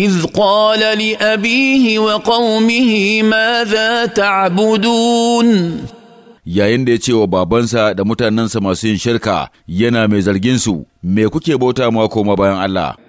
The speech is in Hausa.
إذ wa لأبيه maza ta تعبدون yayin da ya ce wa babansa da mutanensa masu yin shirka yana mai zarginsu me kuke bauta ma koma bayan Allah